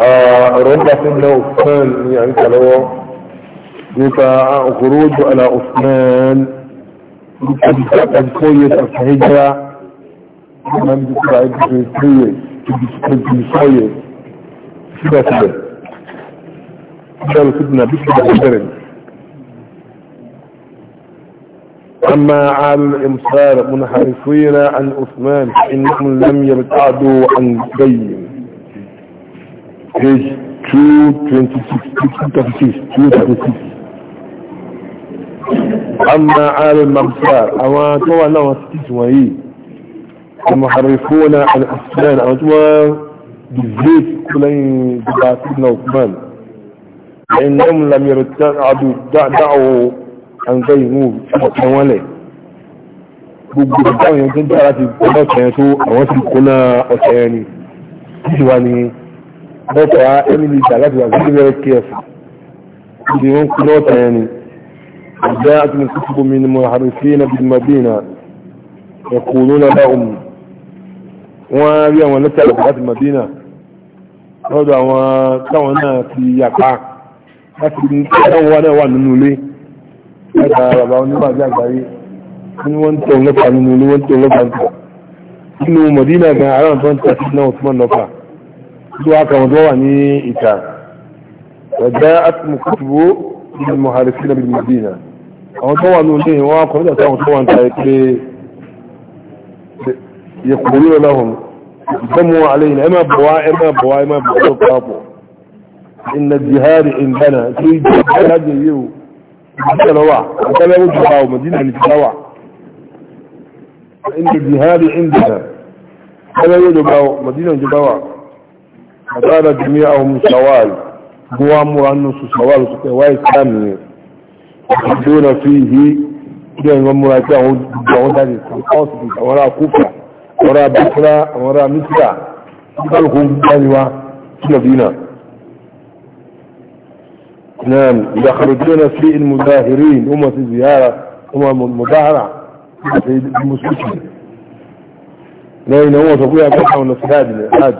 رمضة سنة عثمان يعني كلاو يبقى آه، خروج على عثمان قد كويس الحجرة من ذكر عدة سنة تبسوية كده كده قالوا سيدنا بكده أما على الإمصار منحرفين عن عثمان إنهم لم يبتعدوا عن بين page 236 236 amma alin mamsar àwọn tó wà náà wọ́n títí wọ̀nyí المحرفون الأسنان أجمع بالزيت كلين بباتنا وثمان فإنهم لم يرتعدوا دعوا عن غيره وكواله gbogbo ìdáwọn yẹn tó ń dára ti gbọ́dọ̀ tẹ̀yẹ tó àwọn ti kó náà ọ̀tẹ̀ yẹn ni bọ́tọ̀ á ẹni lè jà láti wà sí very careful ìdí wọn kú lọ́tọ̀ yẹn ni ìjọ àtúnú kúkú mi ni mo hàrù sí iná bí mo bí iná ẹ̀kọ́ ló lọ bá òun wọ́n á rí àwọn lẹ́tà àgbà láti Madina lọ́dọ̀ àwọn táwọn náà ti yàpá láti ní táwọn wà náà wà nínú ilé láti ara bàbá oníbàjẹ́ àgbáyé ní wọ́n ń tọ̀ lọ́pàá nínú ilé wọ́n ń tọ̀ lọ́pàá nínú Madina zuwa kan zuwa ne ita wadda a kutubu ilil muharifi na bilmadina a wata wani ne wa kuma da ta tuwon ta yake ya kuri wa lahun damu wa alaina ima bawa ima bawa ima bawa kwafo inna jihari indana sai jihari yau talawa a talawar jihawa madina ne talawa inda jihari indana talawar jihawa madina jihawa فقال جميعهم سوال هو أمر أنه سوال سوال ثانية يخرجون فيه إذا مراجعه بدعون ذلك القاصد وراء كفة وراء بكرة وراء مصر قال هم بانوا يعني سلفينا نعم يخرجون في المظاهرين هم في زيارة هم المظاهرة في المسلمين لأن هم تقول يا بكرة ونفسها الحاج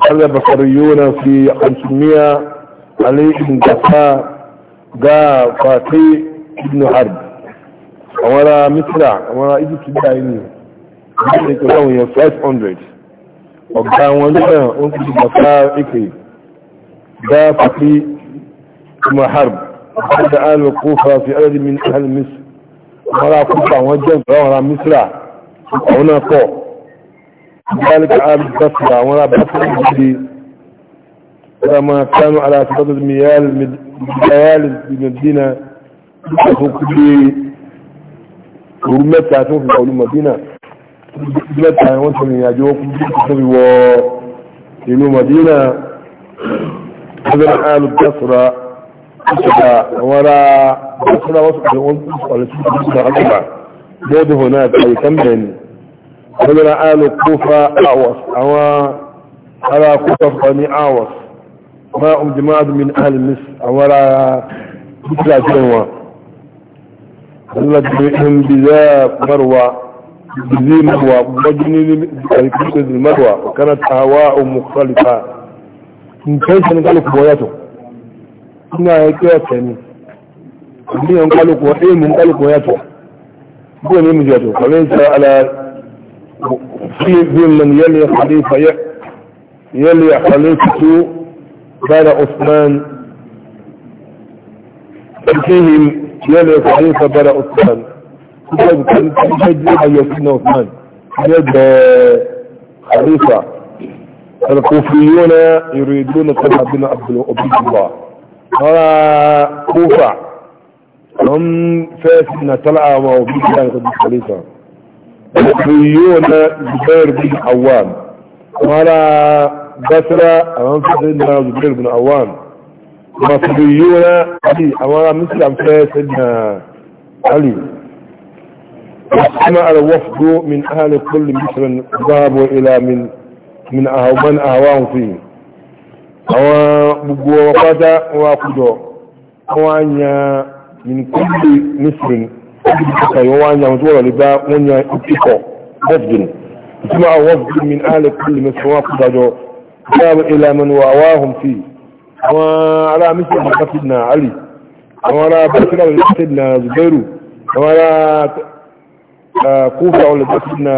قال البصريون في 500 علي بن جفاء جاء فاتي بن حرب ولا مصر ولا ايدي كدائني ذلك له 500 وكان وجهه انت بصار اكي جاء فاتي بن حرب وقد آل الكوفة في عدد من أهل مصر ولا كوفة وجهه ولا مصر هنا فوق ذلك عام بصرة ولا بصرة جدي لما كانوا على سبب الميال الميال المدينة فكل ورمتا تنفي قول المدينة متى وانت من يجوك تنفي و إنه مدينة هذا آل البصرة ولا بصرة وصل وصل وصل وصل وصل وصل وصل وصل وصل wọ́n àlò kófà àwọ̀s àwọn ará kófà fani àwọ̀s ma um jama'ad min ahli mis àwọn ará bukira jẹ́ wọn lọ́dún ihun bí zẹ́ marwa bí zẹ́ marwa gbọ́jú ní àríkúkú zẹ́ marwa kana tawa o mukhalifa nǹkan ìṣẹ́ ní kálùkù wọ́n yàtọ̀ ina ya kí ọ̀tẹ̀ ni ní ọ̀n kálùkù wọ́n èèmù kálùkù wọ́n yàtọ̀ bóyá ní mú yàtọ̀ kọ̀lẹ́ ìṣẹ́ في من يلي خليفة يلي خليفة كان عثمان فيه يلي خليفة بلا عثمان يجب أن يكون عثمان يد خليفة الكوفيون يريدون طلحة بن عبد الله ترى كوفة هم فاسدنا طلعة وعبد الله خليفة البصريون زبير بن عوام وعلى بصرة أمام سيدنا زبير بن عوام مصريون علي أمام مثل أمثال سيدنا علي وسمع الوفد من أهل كل مصر ذهبوا إلى من من أهو من أهواهم فيه أو بقوة وقتا وقدوا أو من كل مصر ibi kaka yi wọn yan tó wọlé bá wọn yan ikọ wọfdin ìtumọ̀ àwọn wọfdin min alẹ́ kúlù mi sọ wọn kú dájọ́ báwo ilẹ̀ mẹnu wà wá hùn fi àwọn ará mísìn àmàkà fi nà ali àwọn ará bẹ́sẹ̀lá wọlé fi nà zubairu àwọn ará kúfà wọlé fi nà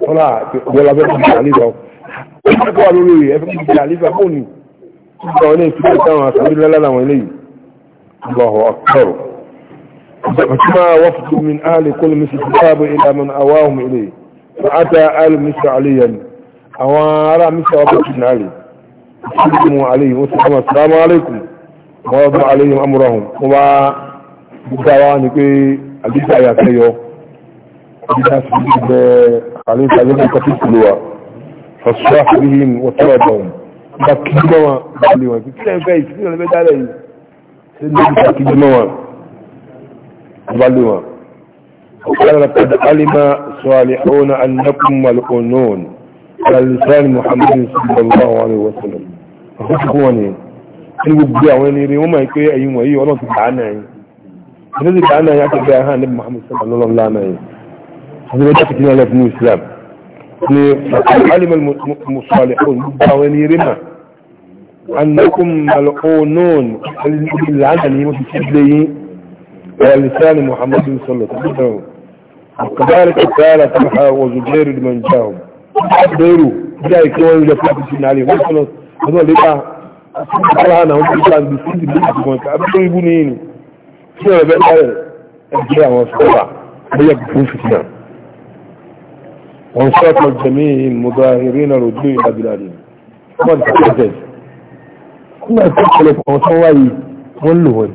wọlá wọlá bẹ́ẹ̀ fi nà alifa wọ́n kọ́ wà lórí rẹ̀ ẹ̀fẹ́ fi nà alifa fóònù ìgbà wọn lè fi nà sáwọn àṣà nílẹ̀ lánàá wọn lè yìí فما وفد من أهل كل مصر ذهبوا إلى من أواهم إليه فأتى آل مصر عليا أوارى مصر وبكر بن علي سلموا عليه وسلم السلام عليكم ووضع عليهم أمرهم وما بدوان كي أجيب يا كيو أجيب عليه سلم كفي سلوى فالصلاح بهم وطردهم بكي جمع بكي جمع بكي جمع بكي جمع ظلوا وقال لقد علم صالحون انكم ملعونون على لسان محمد صلى الله عليه وسلم اخواني الوجع وين يريد وما يكوي اي يوم اي والله سبحانه اي الذي كان يعتقد بها النبي محمد صلى الله عليه وسلم هذا ما تفتنا له ابن الاسلام علم المصالحون وين يريد انكم ملعونون اللعنه اللي مش على لسان محمد صلى الله عليه وسلم وكذلك قال طلحة وزبير لمن جاهم ديروا جاء يكون يجب في عليه وصلوا هذول لقاء طلحة أنا هم يجب أن بسند بسند أبدو يبونيني سيئة بأي أرجاء وصلوا ويقفوا فتنة وانصات الجميع المظاهرين ردوا إلى بلادهم وانت حدث كنا تقلق وصلوا وين ولوا وين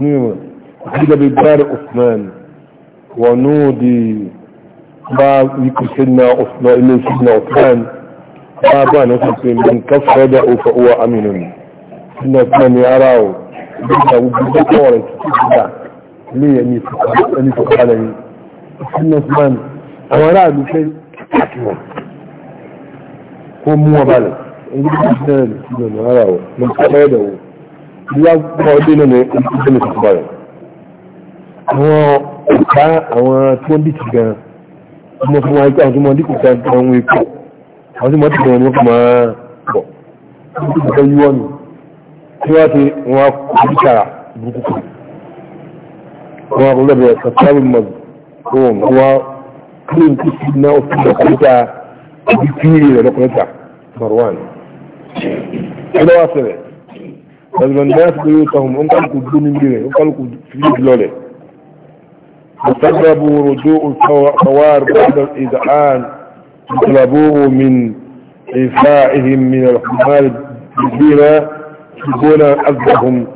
وحيدة بدار عثمان ونودي ما يكون سيدنا عثمان من سيدنا عثمان بابا بان من كف يده فهو امين سيدنا عثمان يراه بقوله ليه اني فقال اني فقال سيدنا عثمان انا لا بشيء هو مو بالك انت مش داري سيدنا يراه من كف يده ìyá gbọ́ ọdún nínú ìgbẹ́ mi kọ̀ọ̀kan rẹ̀ àwọn ọ̀gá àwọn tí wọ́n dìtì gan ọmọ fún wa ẹgbẹ́ àwọn tí wọ́n dìtì gan gan wọn ikú àwọn tí wọ́n dìtì gan wọn kò máa bọ̀ wọ́n tí wọ́n ti wọn wọn kò lọ́bẹ̀ sàkáàbì لازم الناس بيوتهم ان كانوا كدون مجرى ان كانوا كدون جلولة وسببوا رجوع الثوار بعد الإذعان طلبوه من إفائهم من الحمال الجزيرة يقول أذبهم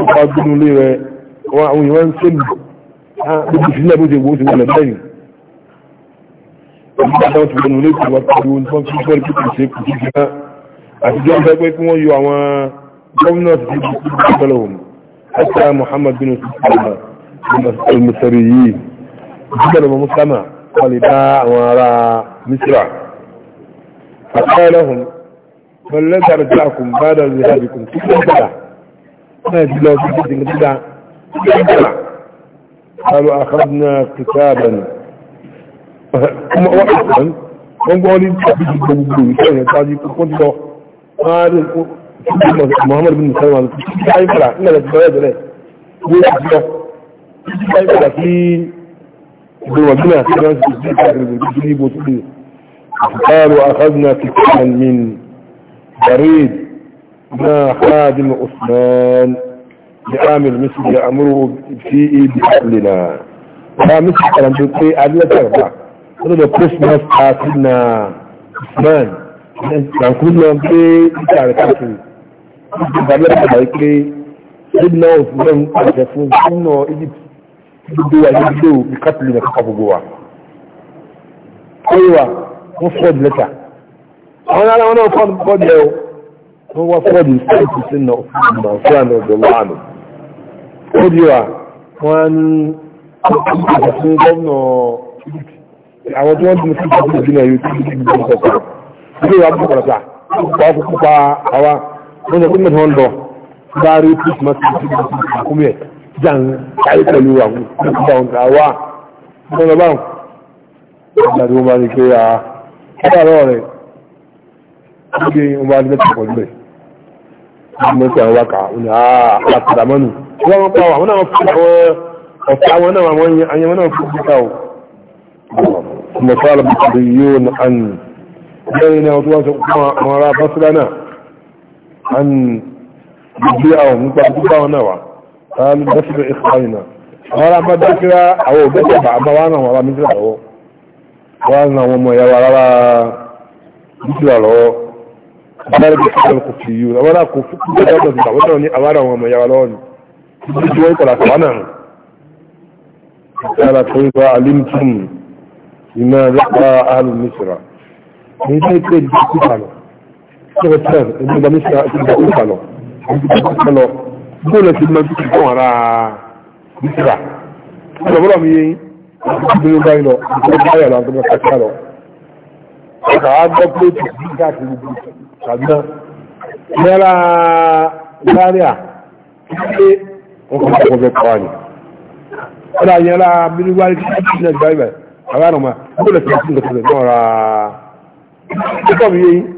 وقادوا لي وعوان سلم بدي في الله بودي بودي ولا بني ìgbàdàn ti gbẹ̀lú lẹ́kùn wà pẹ̀lú ohun tí wọ́n fi sọ́rọ̀ pípẹ̀ sí ẹkùn jíjìnà àtijọ́ ń fẹ́ pé kí wọ́n yọ àwọn ناس قبلهم حتى محمد بن سلمة المصريين جبل مسلمة قال باع وراء مصر فقال لهم بل لا ترجعكم بعد ذهابكم تبدأ ما يجب لو تبدأ تبدأ قالوا أخذنا كتابا وقفا ونقول لهم تبدأ تبدأ تبدأ تبدأ قالوا أخذنا كتابا من بريد ما خادم عثمان لعامل مثل يأمره فيه بأهلنا فمثل كلام تقول أدلة تربع هذا كريسماس قاتلنا عثمان لأن كلهم بيتعرفوا ìgbàgbé àgbà pé ṣébìnà òṣìṣẹ́ ń pàṣẹ fún gómìnà Egypt gbogbo wa ní ìlú ìkàtìlì nà kọ́kọ́ gbogbo wa kọ́yíwa wọ́n fọ́ọ̀dì lẹ́tà àwọn ará wọn náà fọ́ọ̀dì fọ́ọ̀dì ẹ̀ wọ́n wá fọ́ọ̀dì sáìtì sí nà ọ̀fúnà ọ̀fúnà ọ̀dọ̀ láàánú kọ́ọ̀dì wa wọ́n ní àpapọ̀ fún gómìnà Egypt àwọn tí wọ́n dùn sí gómìnà yìí tí wọ́n dùn wọ́n sọ pé mẹ́ta wọ́n lọ bá rí christmas tí wọ́n ti fi kú mẹ́ jan káyé pẹ̀lú àwọn ìgbà ọ̀gá wa wọ́n lọ báwọn ìgbà tí wọ́n bá rí pé a ah, kọ́dà lọ́wọ́ rẹ̀ wọ́n gbé wọn bá rí mẹ́ta pọ̀lú rẹ̀ wọ́n mẹ́ta wọn wá kà wọ́n ní àpàtàdà ah, mọ́nu wọ́n wọ́n pa àwọn náà fún àwọn ọ̀tá wọn náà àwọn àyẹ̀wọ́n náà fún ìgbà o. Mọ̀tálà bí kò yóò nà án. Bẹ́ẹ̀ni náà wọ́n tó wá sọ fún àwọn عن جزئهم نتعبدهم نوع قال نسل إخواننا ولا ما ذكر أو ذكر بعضوانا ولا مثل أو وانا وما يوالا مثل أو ذلك حتى الكفيون ولا كفيون ولا أولا وما يوالا بجوي كلا كوانا قال كيف علمتم بما ذكر أهل مصر من ذلك يجب sọ̀rọ̀ tẹ̀ nígbà mí sọ ìgbà ìgbà lọ ìgbà lọ bóòlù ti máa dúkìá fún ara bísíra ọ̀rọ̀ bọ́lá mi yẹn ìgbìmọ̀ báyìí lọ ìgbìmọ̀ báyìí lọ àgbẹ̀mọ̀ kàkà lọ ọ̀rọ̀ àgbọ̀ pé tìbí káàkiri gbogbo tàbí náà yára ìgbàlẹ́à kíkẹ́ ọkọ̀ ọ̀gbẹ̀ kọ́ ni ọ̀rọ̀ àyẹ̀rá mílíwárí kíkẹ́ ní ìgbà ìgbà àwọn àrùn máa bóòlù ti máa dúkìá fún ara bísíra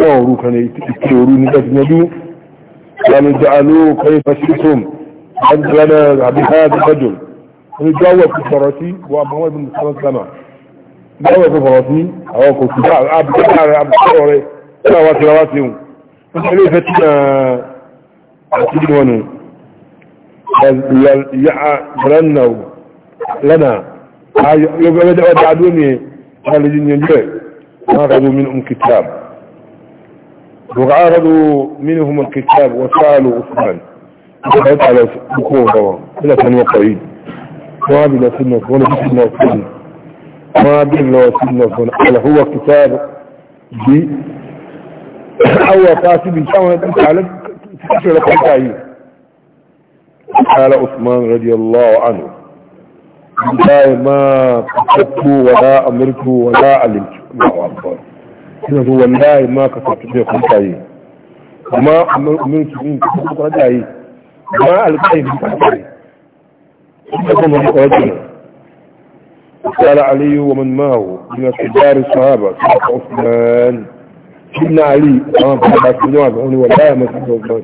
ọ̀rù kan ìpè òru ní gbẹ́gbẹ́dú wọn jàálù kọ́ ìfẹ́sìtòm ọjọ́lẹ́nà àbíháyàtì fẹ́jọ ní gbáwọ̀ fi sọ̀rọ̀ sí wọ́n àbúwọ́ ìbùn sọ́lọ́sọ́lọ́ gbáwọ̀ fi sọ̀rọ̀ sí àwọn kò síbá àbúkọ́ rẹ̀ àbúkọ́ rẹ̀ tí àwọn ti rárá sí wọn nítorí ìfẹ́ tí àti wọn nù yàrá lẹ́nà yóò gbẹ́gbẹ́dẹ́ ọjà adúlé ni wọ́n lè yí ní ẹjọ́ ẹ̀ wọ́n kàwé min um kitab وعارضوا منهم الكتاب وسألوا عثمان وقعت على بكور رواه إلى كان وقعيد وابي لا سنة ولا سنة وسنة وابي لا سنة وسنة على هو كتاب جي أو كاتب إن شاء الله أنت على تكشف لك قال عثمان رضي الله عنه لا ما كتبت ولا أمرت ولا علمت الله أكبر ina zo wallahi ma ka sa tafiya kun kayi kuma min su yin kusa kuma da yi ma alƙayi bi ta kare ina kuma mun kawai kenan قال علي ومن معه من كبار الصحابة عثمان سيدنا علي أمام صحابة سيدنا عثمان والله ما سيدنا عثمان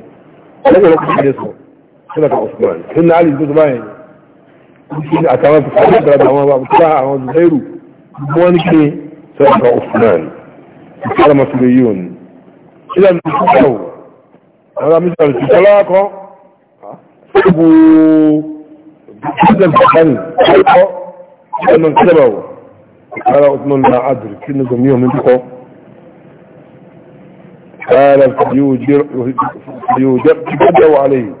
أنا لك حديثه سنة عثمان سيدنا علي بن زباين سيدنا أتمام في الصحابة أمام أبو ساعة أمام زبيرو بوانك سنة عثمان قال مسؤوليون إذا انتشروا هذا مثل الانتشالاق سبوا جدا الفقن لما انقلبوا قال عثمان لا أدري كنا جميعهم انتقوا قال فيوجر فيوجر تبدأوا عليه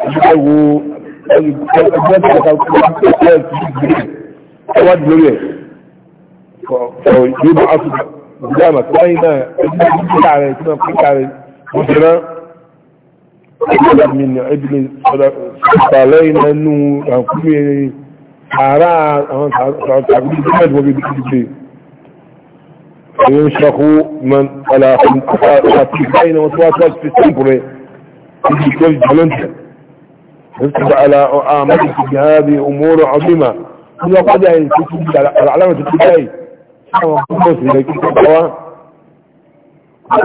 تبدأوا فيوجر فيوجر فيوجر قدامك والله ما قلت علي كما قلت عليه مثلا من ابن صالين انه حكمي حراء تعبير جمد وبيبكي ينشخ من على خطيبين وتواصل في السنبري كل جلنجة يفتح على أعمالك بهذه أمور عظيمة هذا قد يعني على علامة التجاهي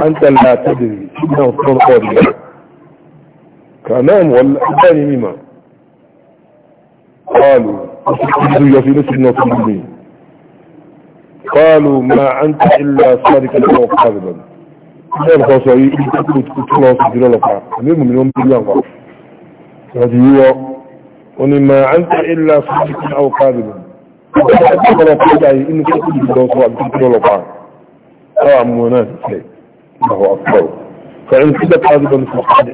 أنت لا تدري إنه الطرقان كنام ولا أباني مما قالوا أسكتوا في نسل النصرين قالوا ما أنت إلا الله أو انا غير خصوصي كنت كنت خلاص جرى لك المهم من يوم بالله هذه هو ما أنت إلا صادقا الله كاذبا ọ̀pọ̀lọpọ̀ ọjà inú tó kú jùlọ sọ àbíkú lọ́lọ́pàá àwọn àmúwọn náà ti tẹ̀ ìgbàwọ̀ àpọ̀rọ̀ فإن كده قادما فقد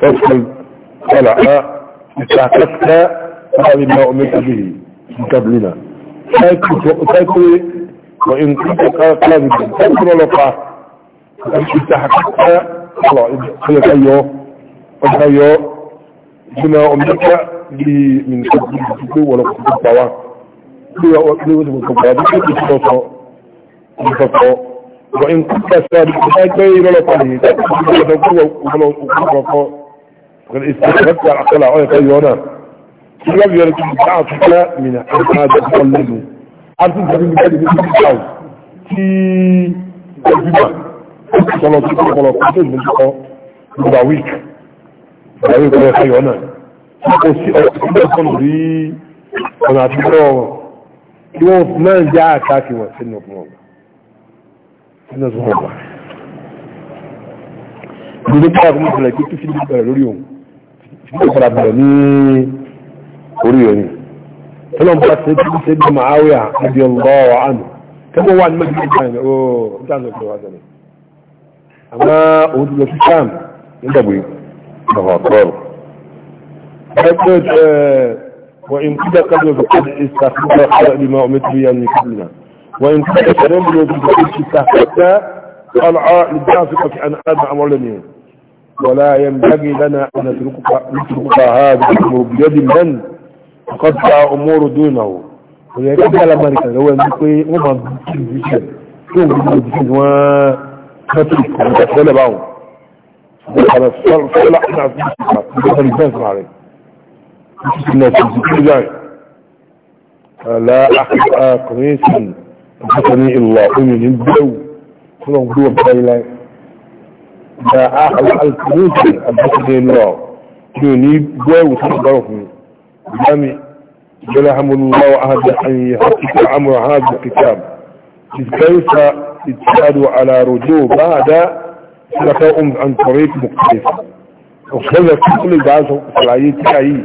فصل طلع استعكست هذه ما أمرت به من قبلنا تاكل وإن كنت قادما فقد لقع فإن استحققت طلع خلق أيوه قلت أيوه بما أمرت به من قبل ولقد الطواف وإن كنت صادقا فأكبر ولا قليل وقد استخدمت على عقل عائق أيوانا سلم يرجع تعطيك من هذا تقلده عرفت من بلد من الشعب في الجبع صلاة صلاة صلاة من الشعب مدعويك مدعويك يا حيوانا وقد استخدمت على عقل عائق أيوانا أنا أعطيك kí wọ́n máa ń já àtàkì wọn sínú fún ọgbà sínú fún ọgbà gbogbo bá àwọn ọmọ ìpínlẹ̀ tó fi ní bẹ̀rẹ̀ lórí òun fi ní ọ̀pọ̀lọpọ̀ bẹ̀rẹ̀ ní orí òní tọ́lọ́n bá ṣe tí ṣe bí màáwíà àbí ọlọ́wọ́ àánú tẹ́gbọ́n wà ní mẹ́jọ ìgbà yẹn ó ń tàn وإن كنت قبل فقد استخدمت خلق لما أمت بي أن يكبرنا وإن كنت قبل فقد استخدمت طلع للدافقة في أن أدعى لني ولا ينبغي لنا أن نتركك هذا الأمر بيد من فقد أمور دونه ويجب على مالك هو يقول وما بيشن كون بيشن و كتب كتب كتب كتب كتب كتب كتب كتب كتب كتب كتب كتب لا أحد قميص حسني الله أمين الدو فلن دو بيلا لا أحد القميص حسني الله يوني دو تحضرهم جامي جلهم الله أحد أن يحقق أمر هذا الكتاب كيف اتشاد على رجوع بعد سلكهم عن طريق مختلف وكذا كل بعض العيات تعيي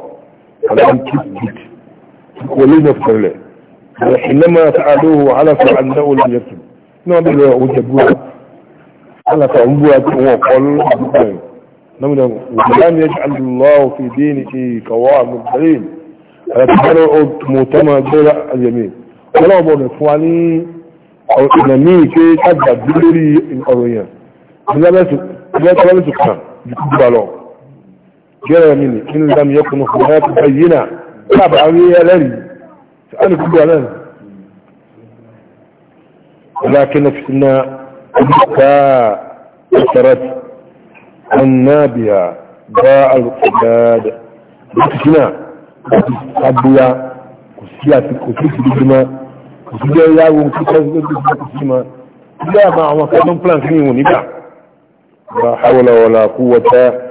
على أن تثبت ولين يفكر له وحينما سألوه على أنه لم يكتب نعم لا وجبوه على فأمبوه وقال نعم ولم يجعل الله في دينه قوام الدليل أتبرع مؤتمى دولة اليمين ولا أبو نفواني أو إنمي كي تبدأ بلوري الأرويان لا بس لا تبقى بكبر جامل إن لم يكن هناك بينا تابع لي لن فأنا كنت لن ولكن نفسنا بكى أثرت عنا بها باء القداد نفسنا أبويا كسياتي كسياتي بجمع كسياتي ياو كسياتي بجمع لا ما عمك من بلان كنيوني با لا حول ولا قوة